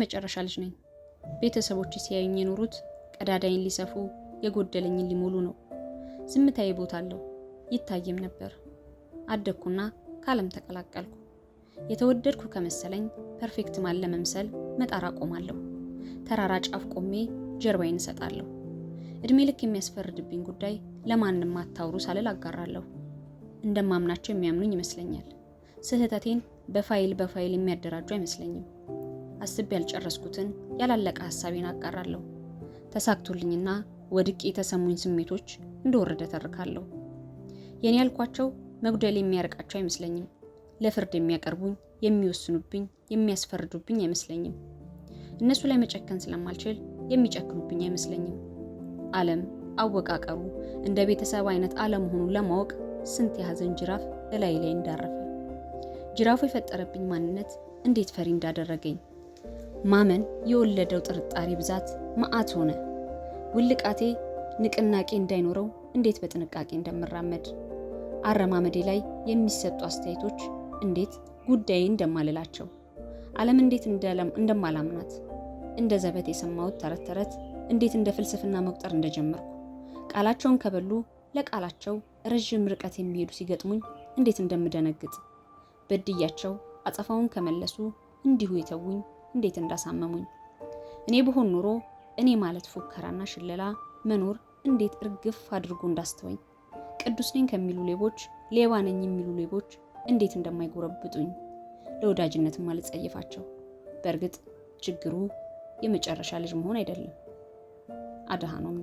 የመጨረሻ ልጅ ነኝ። ቤተሰቦች ሲያዩኝ የኖሩት ቀዳዳይን ሊሰፉ የጎደለኝን ሊሞሉ ነው። ዝምታዬ ቦታ አለው፣ ይታየም ነበር። አደግኩና ከዓለም ተቀላቀልኩ። የተወደድኩ ከመሰለኝ ፐርፌክት ማን ለመምሰል መጣር አቆማለሁ። ተራራ ጫፍ ቆሜ ጀርባዬን እሰጣለሁ። እድሜ ልክ የሚያስፈርድብኝ ጉዳይ ለማንም አታውሩ ሳልል አጋራለሁ። እንደማምናቸው የሚያምኑኝ ይመስለኛል። ስህተቴን በፋይል በፋይል የሚያደራጁ አይመስለኝም። አስቤ ያልጨረስኩትን ያላለቀ ሀሳቤን አቀራለሁ። ተሳክቶልኝና ወድቅ የተሰሙኝ ስሜቶች እንደወረደ ተርካለሁ። የኔ ያልኳቸው መጉደል የሚያርቃቸው አይመስለኝም። ለፍርድ የሚያቀርቡኝ፣ የሚወስኑብኝ፣ የሚያስፈርዱብኝ አይመስለኝም። እነሱ ላይ መጨከን ስለማልችል የሚጨክኑብኝ አይመስለኝም። ዓለም አወቃቀሩ እንደ ቤተሰብ አይነት አለመሆኑን ለማወቅ ስንት የሀዘን ጅራፍ እላይ ላይ እንዳረፈ ጅራፉ የፈጠረብኝ ማንነት እንዴት ፈሪ እንዳደረገኝ ማመን የወለደው ጥርጣሬ ብዛት መዓት ሆነ። ውልቃቴ ንቅናቄ እንዳይኖረው እንዴት በጥንቃቄ እንደምራመድ፣ አረማመዴ ላይ የሚሰጡ አስተያየቶች እንዴት ጉዳዬ እንደማልላቸው፣ ዓለም እንዴት እንደማላምናት፣ እንደ ዘበት የሰማሁት ተረት ተረት እንዴት እንደ ፍልስፍና መቁጠር እንደጀመርኩ፣ ቃላቸውን ከበሉ ለቃላቸው ረዥም ርቀት የሚሄዱ ሲገጥሙኝ እንዴት እንደምደነግጥ፣ በድያቸው አጸፋውን ከመለሱ እንዲሁ የተውኝ እንዴት እንዳሳመሙኝ። እኔ ብሆን ኖሮ እኔ ማለት ፉከራና ሽለላ መኖር እንዴት እርግፍ አድርጎ እንዳስተወኝ፣ ቅዱስ ነኝ ከሚሉ ሌቦች፣ ሌባ ነኝ የሚሉ ሌቦች እንዴት እንደማይጎረብጡኝ ለወዳጅነት ማልጸየፋቸው። በእርግጥ ችግሩ የመጨረሻ ልጅ መሆን አይደለም፣ አድሃ ነው